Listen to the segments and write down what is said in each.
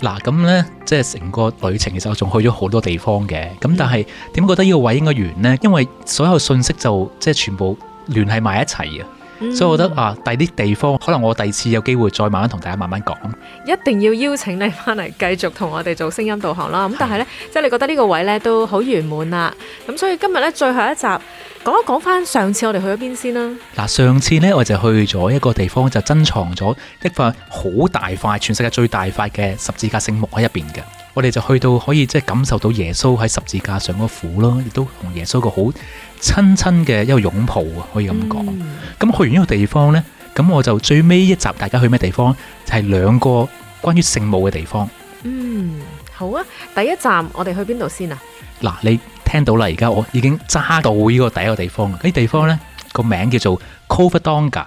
嗱，咁呢，即係成個旅程其實我，仲去咗好多地方嘅，咁但係點覺得呢個位應該完呢？因為所有信息就即係全部聯繫埋一齊。嗯、所以我覺得啊，第啲地方可能我第二次有機會再慢慢同大家慢慢講，一定要邀請你翻嚟繼續同我哋做聲音導航啦。咁但係呢，即係你覺得呢個位呢都好圓滿啦。咁所以今日呢，最後一集，講一講翻上次我哋去咗邊先啦。嗱，上次呢，我就去咗一個地方，就珍藏咗一塊好大塊，全世界最大塊嘅十字架聖木喺入邊嘅。我哋就去到可以即係感受到耶穌喺十字架上嗰個苦咯，亦都同耶穌個好親親嘅一個擁抱啊，可以咁講。咁、嗯、去完呢個地方呢，咁我就最尾一集大家去咩地方？就係、是、兩個關於聖母嘅地方。嗯，好啊，第一站我哋去邊度先啊？嗱，你聽到啦，而家我已經揸到呢個第一個地方啦。呢、這個、地方呢，個名叫做 Covadonga。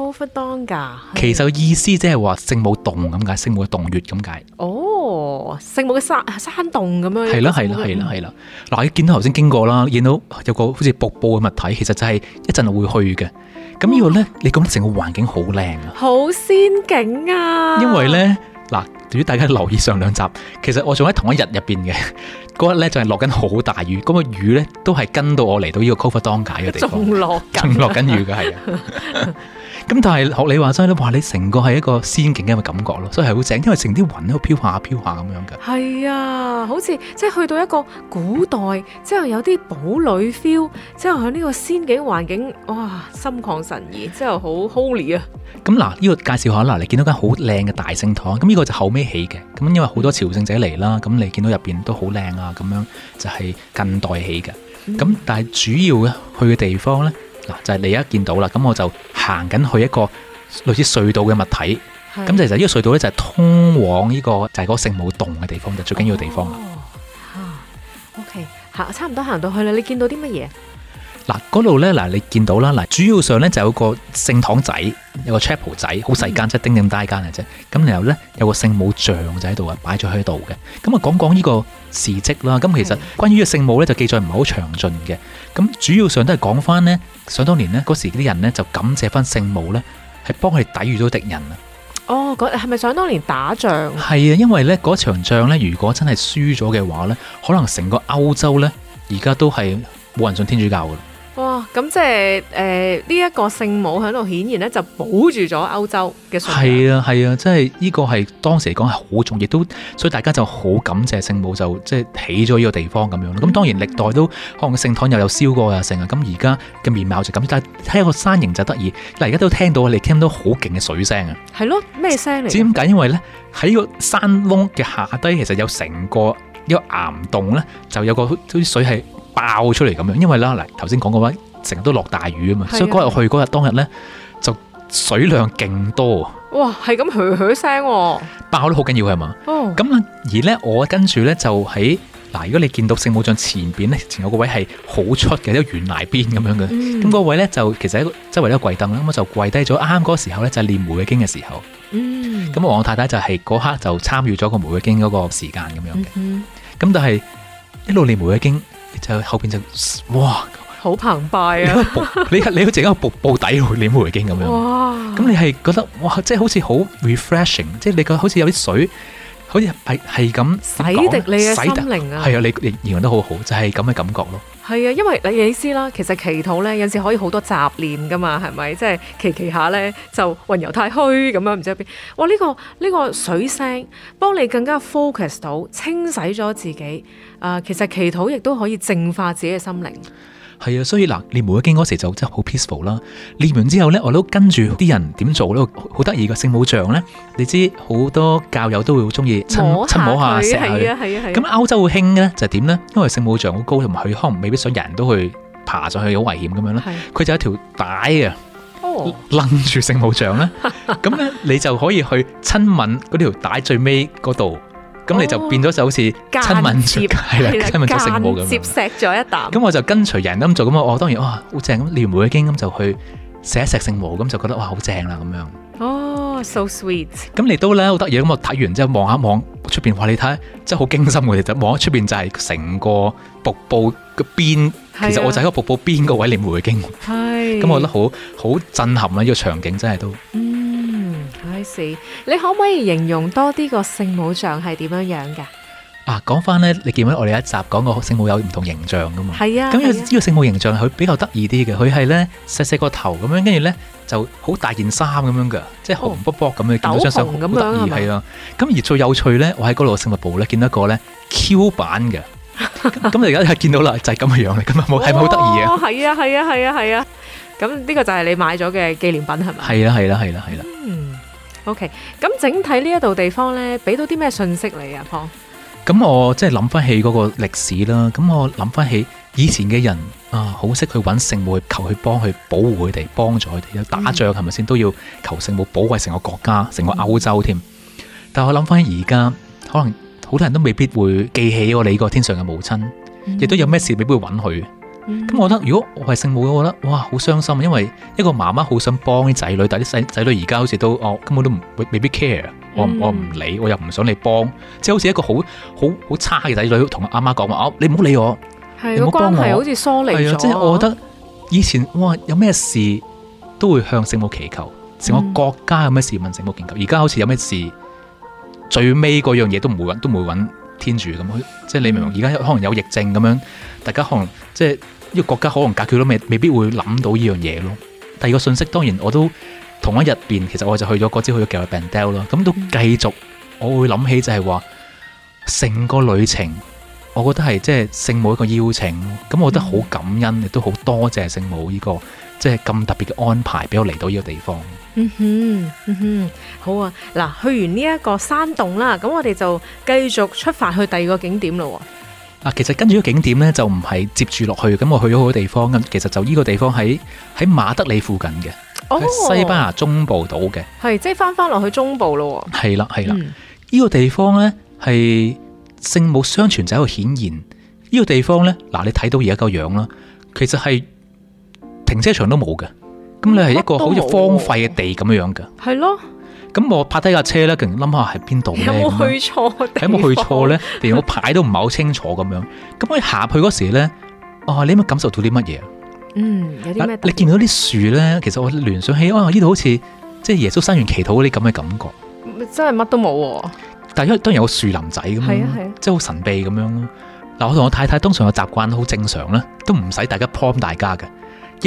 Covadonga 噶，其實意思即係話聖母洞咁解，聖母嘅洞穴咁解。哦，聖母嘅山山洞咁樣。係啦，係啦，係啦，係啦。嗱，你見到頭先經過啦，見到有個好似瀑布嘅物體，其實就係一陣會去嘅。咁呢個咧，你覺得成個環境好靚啊？好仙境啊！因為咧，嗱，如果大家留意上兩集，其實我仲喺同一日入邊嘅嗰日咧，就係落緊好大雨，嗰、那個雨咧都係跟我來到我嚟到呢個 Covadonga 嘅地方，仲落緊，落緊雨嘅係啊！ 咁但係學話說你話齋咧，話你成個係一個仙境嘅感覺咯，所以係好正，因為成啲雲喺度飄下飄下咁樣嘅。係啊，好似即係去到一個古代，之、嗯、後有啲堡壘 feel，之後喺呢個仙境環境，哇，心曠神怡，之後好 holy 啊！咁嗱，呢、這個介紹下嗱，你見到間好靚嘅大聖堂，咁呢個就後尾起嘅，咁因為好多朝聖者嚟啦，咁你見到入邊都好靚啊，咁樣就係近代起嘅。咁、嗯、但係主要嘅去嘅地方咧，嗱就係、是、你一見到啦，咁我就。行緊去一個類似隧道嘅物體，咁其實呢個隧道咧就係通往呢個就係嗰聖母洞嘅地方，就是、最緊要嘅地方啦。哦，吓，OK，行差唔多行到去啦，你見到啲乜嘢？嗱，嗰度咧，嗱，你見到啦，嗱，主要上咧就有個聖堂仔，有個 chapel 仔，好細間，即係丁丁大間嚟啫。咁然後咧有個聖母像就喺度啊，擺咗喺度嘅。咁啊，講講呢個事跡啦。咁其實關於個聖母咧就記載唔係好詳盡嘅。咁主要上都係講翻呢，想當年呢，嗰時啲人呢就感謝翻聖母呢，係幫佢哋抵禦到敵人啊！哦，係咪想當年打仗？係啊，因為呢嗰場仗呢，如果真係輸咗嘅話呢，可能成個歐洲呢，而家都係冇人信天主教噶。咁即係誒呢一個聖母喺度，顯然咧就保住咗歐洲嘅信仰。係啊係啊，即係呢個係當時嚟講係好重，亦都所以大家就好感謝聖母，就即係起咗呢個地方咁樣咯。咁當然歷代都可能聖堂又有燒過啊聖啊，咁而家嘅面貌就咁。但係睇個山形就得意，嗱而家都聽到你哋聽到好勁嘅水聲啊。係咯，咩聲嚟？知點解，因為咧喺個山窿嘅下低，其實有成個一個岩洞咧，就有個啲水係爆出嚟咁樣。因為啦，嗱頭先講過啦。成日都落大雨啊嘛，所以嗰日去嗰日當日咧就水量勁多啊！哇，係咁噓噓聲、哦，爆得好緊要係嘛？咁、哦、而咧我跟住咧就喺嗱，如果你見到聖母像前邊咧，前面有個位係好出嘅，一個懸崖邊咁樣嘅，咁、嗯那個位咧就其實喺周圍一個跪凳，啦，咁我就跪低咗。啱啱嗰時候咧就唸、是《玫瑰經》嘅時候，嗯，咁我太太就係、是、嗰刻就參與咗個《玫瑰經》嗰個時間咁樣嘅，咁、嗯嗯、但係一路唸《玫瑰經》，就後邊就哇～好澎湃啊！你你你好似一個瀑瀑布底唸回經咁樣，咁你係覺得哇，即係好似好 refreshing，即係你覺得好似有啲水，好似係係咁洗滌你嘅心靈啊！係啊，你形容得好好，就係咁嘅感覺咯。係啊，因為你你知啦，其實祈禱咧有陣時可以好多雜念噶嘛，係咪？即係祈祈下咧就雲遊太虛咁樣，唔知喺邊。哇！呢個呢個水聲幫你更加 focus 到清洗咗自己。啊，其實祈禱亦都可以淨化自己嘅心靈。係啊，所以嗱，念玫瑰經嗰時就真係好 peaceful 啦。念完之後咧，我都跟住啲人點做咧，好得意嘅聖母像咧。你知好多教友都會好中意親親摸下石去。係啊係啊係。咁歐洲會興咧就係點咧？因為聖母像好高，佢可能未必想人都去爬上去，好危險咁樣啦。佢就一條帶啊，拎住聖母像啦，咁咧你就可以去親吻嗰條帶最尾嗰度。咁、哦、你就變咗就好似親吻住，係啦，親吻住聖母咁。接錫咗一啖。咁、嗯、我就跟隨人咁做，咁、哦、我當然哇好正咁。蓮梅已經咁就去寫石聖母，咁、嗯、就覺得哇好正啦咁樣。哦、嗯哦嗯、so sweet、嗯。咁你都咧好得意咁，我睇完之後望一望出邊，話你睇真係好驚心，我哋就望一出邊就係成個瀑布嘅邊啊。其實我就喺個瀑布邊個位置，蓮梅已經。係。咁、嗯、我覺得好好震撼啊！呢、呢個場景真係都。嗯你可唔可以形容多啲個聖母像係點樣樣噶？啊，講翻咧，你見到我哋一集講過聖母有唔同形象噶嘛？係啊。咁有呢個聖母形象，佢比較得意啲嘅，佢係咧細細個頭咁樣，跟住咧就好大件衫咁樣噶，即係紅卜卜咁樣見到張相好得意，係啊。咁而最有趣咧，我喺嗰度聖物部咧見到一個咧 Q 版嘅，咁你而家係見到啦，就係咁嘅樣啦，咁啊好係咪好得意啊？係啊，係啊，係啊，係啊。咁呢個就係你買咗嘅紀念品係咪？係啦，係啦，係啦，係啦。O K，咁整體呢一度地方呢，俾到啲咩信息你啊？咁我即係諗翻起嗰個歷史啦。咁我諗翻起以前嘅人啊，好識去揾聖母求去幫去保護佢哋，幫助佢哋有打仗係咪先都要求聖母保衛成個國家，成個歐洲添、嗯。但我諗翻起而家，可能好多人都未必會記起我哋個天上嘅母親，亦、嗯、都有咩事未必會搵佢。咁、嗯、我覺得如果我係聖母，我覺得哇好傷心啊，因為一個媽媽好想幫啲仔女，但啲仔仔女而家好似都我、哦、根本都唔未必 care，我、嗯、我唔理，我又唔想你幫，即、就、係、是、好似一個好好好差嘅仔女同阿媽講話，哦你唔好理我，你唔好幫我，好似疏離咗。即係、就是、我覺得以前哇有咩事都會向聖母祈求，成個國家有咩事問聖母祈求，而、嗯、家好似有咩事最尾嗰樣嘢都唔會搵，都唔會搵天主咁去。即、就、係、是、你明唔明？而、嗯、家可能有疫症咁樣，大家可能即係。呢、這個國家可能解決都未未必會諗到呢樣嘢咯。第二個信息當然我都同一日邊，其實我就去咗嗰次去咗 Gibraltar 啦，咁都繼續我會諗起就係話，成個旅程，我覺得係即係聖母一個邀請，咁我覺得好感恩，亦都好多謝聖母呢個即係咁特別嘅安排，俾我嚟到呢個地方。嗯哼，嗯哼，好啊，嗱，去完呢一個山洞啦，咁我哋就繼續出發去第二個景點咯。嗱，其實跟住呢個景點咧，就唔係接住落去，咁我去咗好多地方，咁其實就呢個地方喺喺馬德里附近嘅，喺、哦、西班牙中部度嘅，係即係翻翻落去中部咯。係啦係啦，呢、嗯，這個地方咧係聖母相傳就一個顯現，呢、這個地方咧嗱，你睇到而家個樣啦，其實係停車場都冇嘅，咁你係一個好似荒廢嘅地咁樣樣嘅，係咯。是咁我拍低架車咧，勁諗下喺邊度咧？有冇去錯地方，有冇去錯咧？連個牌都唔係好清楚咁樣。咁我下去嗰時咧，哦，你有冇、啊、感受到啲乜嘢啊？嗯，有啲你見到啲樹咧，其實我聯想起啊，呢度好似即係耶穌生完祈禱嗰啲咁嘅感覺。真係乜都冇喎，但因為當然有樹林仔咁樣，啊啊、即係好神秘咁樣咯。嗱、啊，我同我太太通常嘅習慣好正常啦，都唔使大家 point 大家嘅。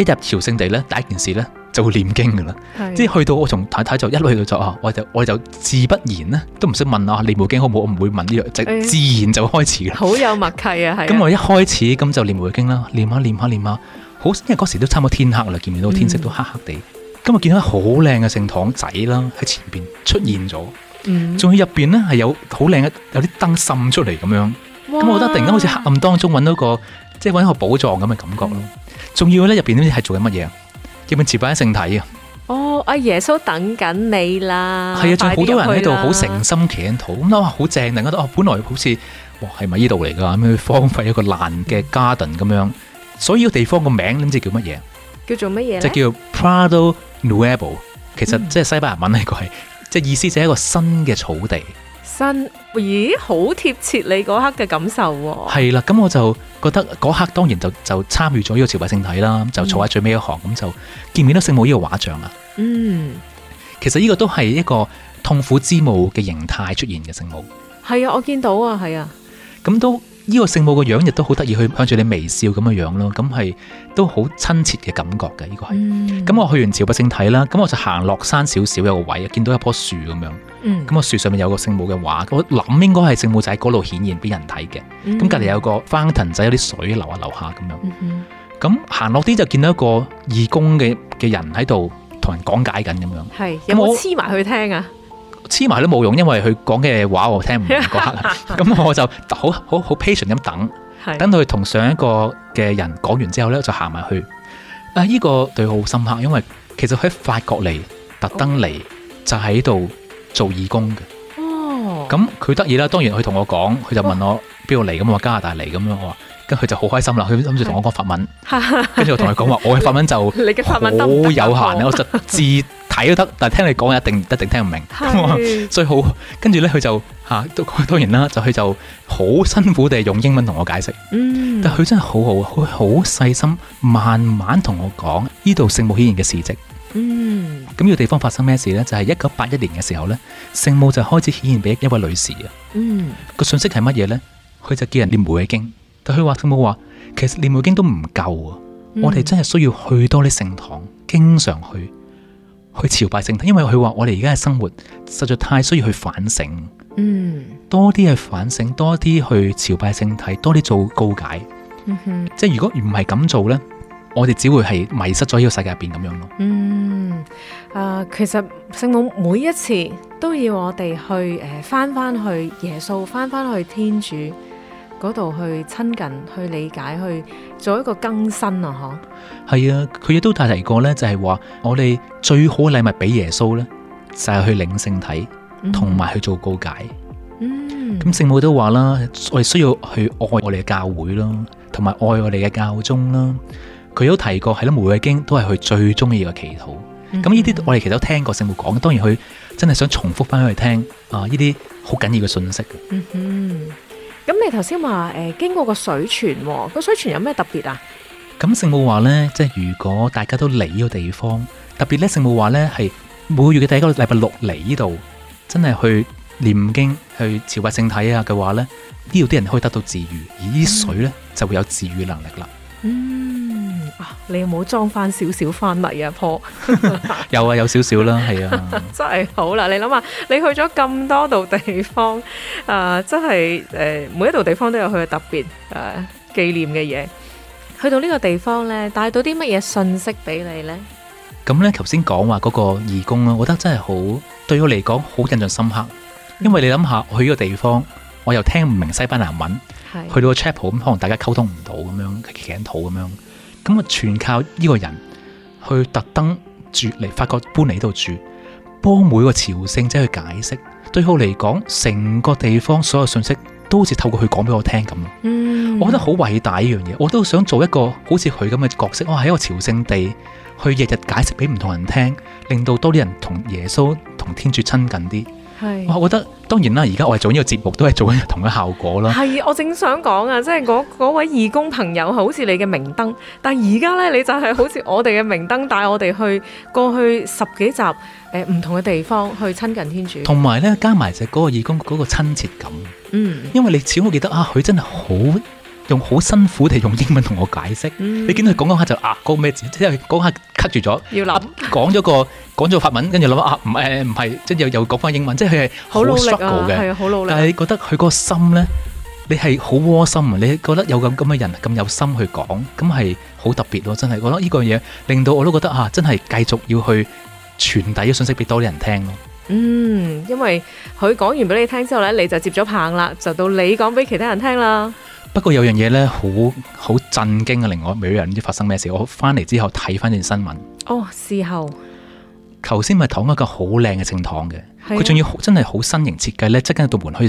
一入朝聖地咧，第一件事咧就會念經噶啦，即係去到我從太太就一路去到作吓，我哋我就自不然咧，都唔識問啊，念無經好唔好？我唔會問呢樣，哎，就自然就開始嘅。好有默契啊！咁、啊嗯、我一開始咁就念無經啦，念下念下念下，好因為嗰時都差唔多天黑啦，見唔到天色都黑黑地，咁我見到好靚嘅聖堂仔啦喺前邊出現咗，仲要入邊咧係有好靚嘅，有啲燈滲出嚟，咁樣，咁、嗯、我覺得突然間好似黑暗當中搵到個，即係搵個寶藏咁嘅感覺咯。嗯仲要咧，入邊啲係做緊乜嘢？叫邊持擺喺聖體啊！哦，阿耶穌等緊你啦！係啊，仲好多人喺度好誠心祈緊禱咁好正！大家都哦，本來好似哇，係咪依度嚟？噶，咁樣荒廢一個爛嘅 garden 咁樣，所以個地方個名諗住叫乜嘢？叫做乜嘢？就叫做 prado nuevo，其實即係西班牙文呢個係，即、嗯、係意思就係一個新嘅草地。新。咦，好貼切你嗰刻嘅感受喎！係啦，咁我就覺得嗰刻當然就就參與咗呢個朝拜聖體啦，就坐喺最尾一行，咁就見唔見到聖母呢個畫像啊？嗯，其實呢個都係一個痛苦之母嘅形態出現嘅聖母。係啊，我見到啊，係啊，咁都。呢、這個聖母個樣亦都好得意，去向住你微笑咁嘅樣咯，咁係都好親切嘅感覺嘅，呢、這個係。咁、嗯、我去完朝拜聖體啦，咁我就行落山少少有個位，見到一棵樹咁樣。咁個樹上面有個聖母嘅畫，我諗應該係聖母仔嗰度顯現俾人睇嘅。咁隔離有個 fountain 仔，有啲水流下流下咁樣。咁行落啲就見到一個義工嘅嘅人喺度同人講解緊咁樣。係有冇黐埋去聽啊？黐埋都冇用，因為佢講嘅話我聽唔明嗰刻，咁 我就好好好 patient 咁等，等到佢同上一個嘅人講完之後咧，就行埋去。啊，依、呢個對我好深刻，因為其實喺法國嚟特登嚟就喺、喺、度做義工嘅。哦。咁佢得意啦，當然佢同我講，佢就問我邊度嚟咁啊，哦、我加拿大嚟咁樣，跟佢就好開心啦。佢諗住同我講法文， 跟住我同佢講話，我嘅法文就好 有限咧，我就知。睇都得，但係聽你講一定一定聽唔明，所以好跟住咧，佢就吓都、啊、當然啦，就佢就好辛苦地用英文同我解釋、嗯。但佢真係好好，佢好細心，慢慢同我講呢度聖母顯現嘅事蹟。嗯，咁呢個地方發生咩事呢？就係一九八一年嘅時候呢，聖母就開始顯現俾一位女士啊。嗯，那個信息係乜嘢呢？佢就叫人念玫瑰經，但佢話聖母話其實念玫瑰經都唔夠啊，我哋真係需要去多啲聖堂，經常去。去朝拜聖體，因為佢話我哋而家嘅生活實在太需要去反省，嗯，多啲去反省，多啲去朝拜聖體，多啲做告解，嗯哼，即係如果唔係咁做呢，我哋只會係迷失咗呢個世界入邊咁樣咯。嗯，啊、呃，其實聖母每一次都要我哋去誒返返去耶穌，返返去天主。嗰度去親近、去理解、去做一個更新啊。嗬，係啊，佢亦都提過咧，就係話我哋最好嘅禮物俾耶穌咧，就係去領聖體，同埋去做告解。嗯，咁聖母都話啦，我哋需要去愛我哋嘅教會啦，同埋愛我哋嘅教宗啦。佢都提過，係咯，玫瑰經都係佢最中意嘅祈禱。咁呢啲我哋其實都聽過聖母講，當然佢真係想重複翻去聽啊，呢啲好緊要嘅信息。嗯哼。咁你頭先話誒，經過個水泉，個水泉有咩特別啊？咁聖母話呢，即係如果大家都嚟呢個地方，特別呢聖母話呢，係每個月嘅第一個禮拜六嚟呢度，真係去念經去朝拜聖體啊嘅話呢，呢度啲人可以得到治癒，而啲水呢、嗯、就會有治癒能力啦。嗯。你有冇裝翻少少翻嚟啊？破有啊，有少少啦，係啊，真係好啦！你諗下，你去咗咁多度地方，誒，真係誒，每一度地方都有佢嘅特別誒紀念嘅嘢。去到呢個地方咧，帶到啲乜嘢信息俾你咧？咁咧，頭先講話嗰個義工啦，我覺得真係好，對我嚟講好印象深刻。因為你諗下，去呢個地方，我又聽唔明西班牙文，去到個 chapel，咁可能大家溝通唔到，咁樣夾祈禱咁樣。咁啊，全靠呢個人去特登住嚟，發覺搬嚟呢度住，幫每個朝聖者去解釋。對佢嚟講，成個地方所有信息都好似透過佢講俾我聽咁，嗯。我覺得好偉大一樣嘢，我都想做一個好似佢咁嘅角色。我、啊，喺一個朝聖地，去日日解釋俾唔同人聽，令到多啲人同耶穌同天主親近啲。我覺得當然啦，而家我係做呢個節目，都係做緊同一個效果啦。係，我正想講啊，即係嗰位義工朋友好似你嘅明燈，但係而家呢，你就係好似我哋嘅明燈，帶我哋去過去十幾集誒，呃，唔同嘅地方去親近天主。同埋呢加埋就嗰個義工嗰個親切感。嗯，因為你始終記得啊，佢真係好，用好辛苦地用英文同我解釋，你見到佢講講下就啊嗰咩字，之後講下卡住咗，講咗個講咗法文，跟住諗下啊唔誒唔係，即係又又講翻英文，即係佢係好努力嘅，係啊好努力。但係你覺得佢個心咧，你係好窩心啊！你覺得有咁咁嘅人咁有心去講，咁係好特別咯，真係。我覺得呢個嘢令到我都覺得啊，真係繼續要去傳遞啲信息俾多啲人聽咯。嗯，因為佢講完俾你聽之後咧，你就接咗棒啦，就到你講俾其他人聽啦。不過有樣嘢咧，好好震驚啊！另外，每人，唔知發生咩事。我翻嚟之後睇翻段新聞。哦，事後，頭先咪堂一個好靚嘅聖堂嘅，佢仲、啊、要很真係好新型設計咧，即係度道門可以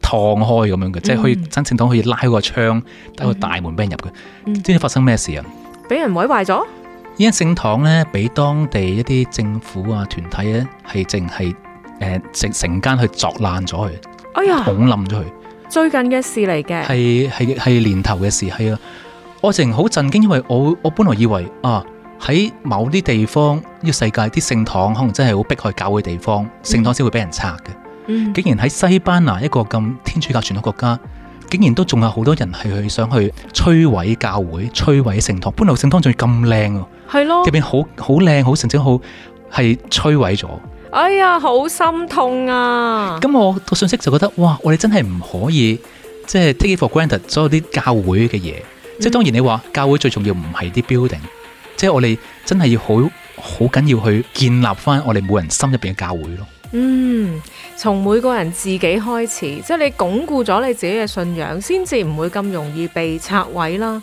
趟開咁樣嘅，即係可以真、嗯、正堂可以拉開個窗，得個大門俾人入嘅。唔、嗯、知發生咩事啊？俾人毀壞咗。依間聖堂咧，俾當地一啲政府啊團體咧、啊，係淨係誒成成間去作爛咗佢，哎呀，捅冧咗佢。最近嘅事嚟嘅，係係係年頭嘅事，係啊！我成好震驚，因為我我本來以為啊，喺某啲地方呢個世界啲聖堂可能真係好迫害教會的地方，聖堂先會俾人拆嘅、嗯。竟然喺西班牙一個咁天主教傳統國家，竟然都仲有好多人係去想去摧毀教會、摧毀聖堂。本來聖堂仲要咁靚，係咯，入邊好好靚，好成至好係摧毀咗。哎呀，好心痛啊！咁我讀信息就覺得，哇，我哋真係唔可以，即係 take it for granted 所有啲教會嘅嘢、嗯。即係當然你話教會最重要唔係啲 building，即係我哋真係要好好緊要去建立翻我哋每人心入邊嘅教會咯。嗯，從每個人自己開始，即係你鞏固咗你自己嘅信仰，先至唔會咁容易被拆毀啦。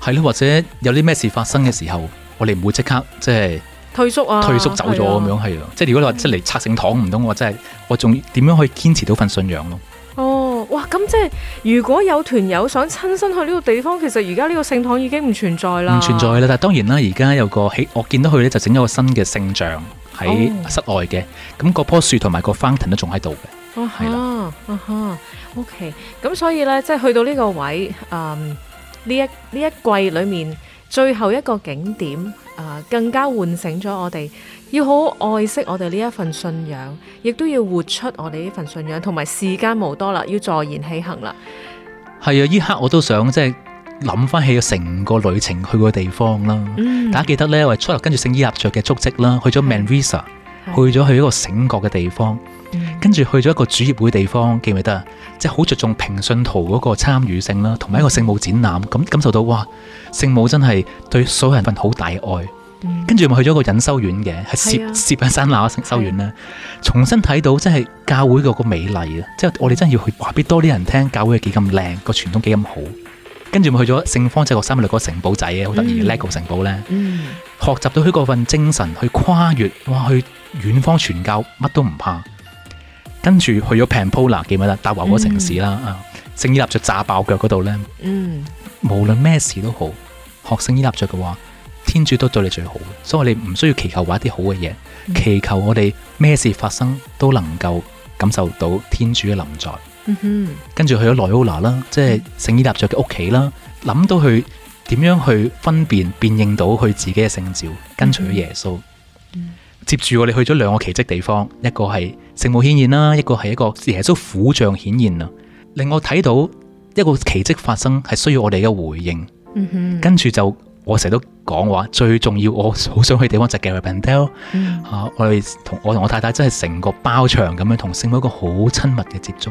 係咯，或者有啲咩事發生嘅時候，我哋唔會即刻即係。退縮啊，退縮走咗咁樣係啊！即係、啊啊、如果你話即係嚟拆聖堂唔通，我真係我仲點樣可以堅持到份信仰咯？哦，哇！咁即係如果有團友想親身去呢個地方，其實而家呢個聖堂已經唔存在啦，唔存在啦。但係當然啦，而家有個起，我見到佢咧就整咗個新嘅聖像喺室外嘅。咁、哦、嗰、那個、棵樹同埋個 fountain 都仲喺度嘅。哦、啊，係啦，OK。咁、啊 okay, 所以咧，即係去到呢個位，嗯，呢一呢一季裏面最後一個景點。更加喚醒咗我哋，要好好愛惜我哋呢一份信仰，亦都要活出我哋呢份信仰。同埋時間無多啦，要坐言起行啦。係啊，依刻我都想即係諗翻起成個旅程去個地方啦，嗯。大家記得呢，我係出入跟住聖依納爵嘅足跡啦，去咗 Manresa，去咗去一個醒覺嘅地方。跟、嗯、住去咗一個主業會地方，記唔記得啊？即係好着重平信徒嗰個參與性啦，同埋一個聖母展覽，咁感受到哇，聖母真係對所有人份好大愛。跟住咪去咗一個隱修院嘅，係攝攝喺山那聖修院啦，啊、重新睇到真係教會個個美麗啊！即係我哋真係要去，話俾多啲人聽教會係幾咁靚，個傳統幾咁好。跟住咪去咗聖方濟各沙勿略嗰、嗯、個城堡仔好得意嘅 lego 城堡咧。嗯，學習到佢嗰份精神去跨越，哇！去遠方傳教乜都唔怕。跟住去咗 Pamplona 啦，記唔記得達華嗰個城市啦、嗯？啊，聖依納爵炸爆腳嗰度咧，無論咩事都好，學聖依納爵嘅話，天主都對你最好，所以我哋唔需要祈求話一啲好嘅嘢，嗯，祈求我哋咩事發生都能夠感受到天主嘅臨在。嗯、跟住去咗 Loyola 啦，即係聖依納爵嘅屋企啦，諗到佢點樣去分辨辨認到佢自己嘅聖召，跟隨咗耶穌。嗯接住我，哋去咗兩個奇蹟地方，一個係聖母顯現啦，一個係一個耶穌苦像顯現啊，令我睇到一個奇蹟發生係需要我哋嘅回應。跟、嗯、住就我成日都講話，最重要我好想去地方就 a r a b a n d e l 吓我哋同我同我太太真係成個包場咁樣同聖母一個好親密嘅接觸。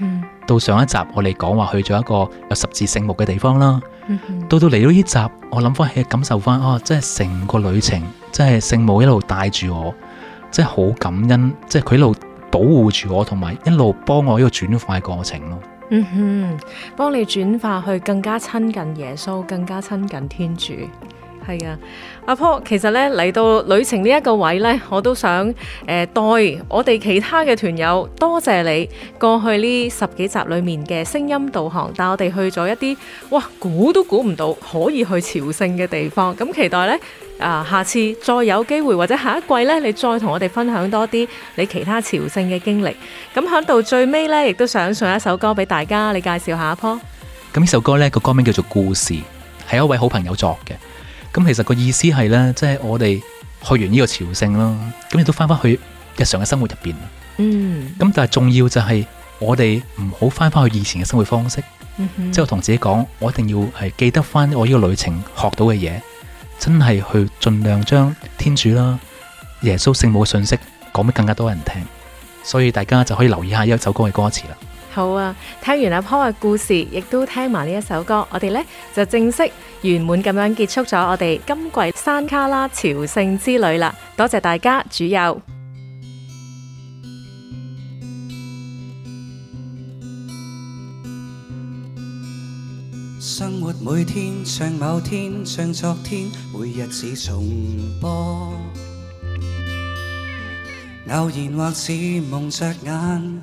嗯、到上一集，我哋講話去咗一個有十字聖木嘅地方啦、嗯。到到嚟到呢集，我諗翻起感受翻，哦、啊，真係成個旅程，真係聖母一路帶住我，真係好感恩，即係佢一路保護住我，同埋一路幫我呢個轉化嘅過程咯。嗯哼，幫你轉化去更加親近耶穌，更加親近天主。係啊，阿坡，其實咧，嚟到旅程呢一個位咧，我都想誒，代我哋其他嘅團友多謝你過去呢十幾集裏面嘅聲音導航，帶我哋去咗一啲哇，估都估唔到可以去朝聖嘅地方。咁期待咧，啊，下次再有機會或者下一季咧，你再同我哋分享多啲你其他朝聖嘅經歷。咁響到最尾咧，亦都想送一首歌俾大家，你介紹下阿坡。咁呢首歌咧，個歌名叫做《故事》，係一位好朋友作嘅。咁其實個意思係咧，即係我哋學完呢個朝聖咯，咁亦都翻翻去日常嘅生活入邊。嗯，咁但係重要就係我哋唔好翻翻去以前嘅生活方式，即係我同自己講，我一定要係記得翻我呢個旅程學到嘅嘢，真係去盡量將天主啦、耶穌聖母嘅信息講俾更加多人聽。所以大家就可以留意下一首歌嘅歌詞啦。好啊！聽完阿坡嘅故事，亦都聽埋呢一首歌，我哋呢，就正式圓滿咁樣結束咗我哋今季山旮旯朝聖之旅啦！多謝大家，主佑。生活每天像某天像昨天，每日只重播，偶然或似蒙着眼。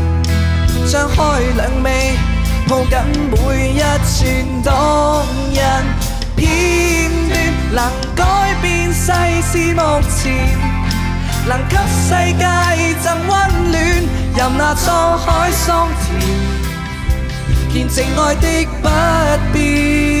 張開兩臂，抱緊每一寸動人片段，能改變世事目前，能給世界贈温暖，任那滄海桑田，見證愛的不變。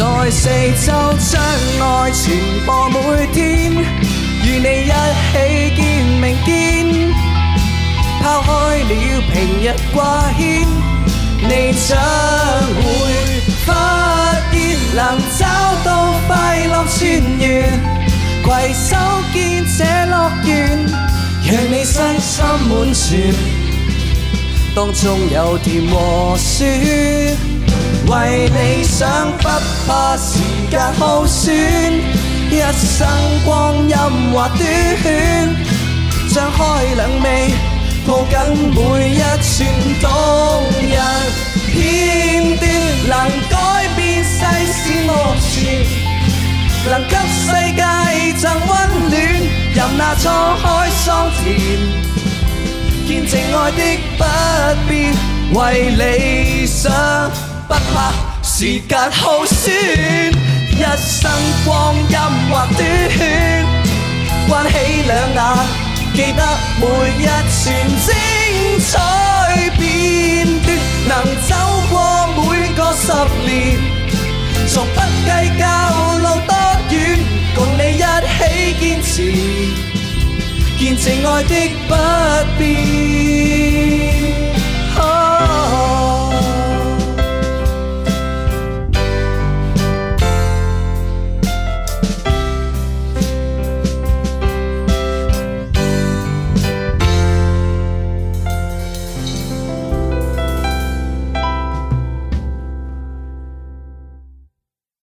在四周將愛傳播，每天與你一起見明天。拋開了平日掛牽，你將會發現能找到快樂泉源，攜手建這樂園，讓你身心滿全，當中有甜和酸。為理想，不怕時間耗損，一生光陰或短暫。張開兩臂，抱緊每一寸動人片段。能改變世事惡念，能給世界贈温暖，任那滄海桑田。見證愛的不變，為理想。不怕時間耗損，一生光陰或短，關起兩眼，記得每一串精彩片段，能走過每個十年，從不計較路多遠，共你一起堅持，見證愛的不變。